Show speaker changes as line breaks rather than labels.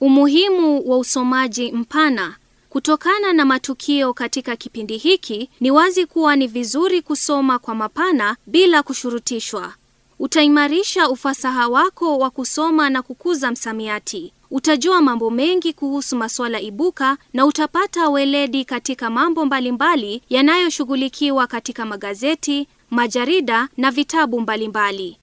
Umuhimu wa usomaji mpana. Kutokana na matukio katika kipindi hiki, ni wazi kuwa ni vizuri kusoma kwa mapana bila kushurutishwa. Utaimarisha ufasaha wako wa kusoma na kukuza msamiati. Utajua mambo mengi kuhusu masuala ibuka na utapata weledi katika mambo mbalimbali yanayoshughulikiwa katika magazeti, majarida na vitabu
mbalimbali.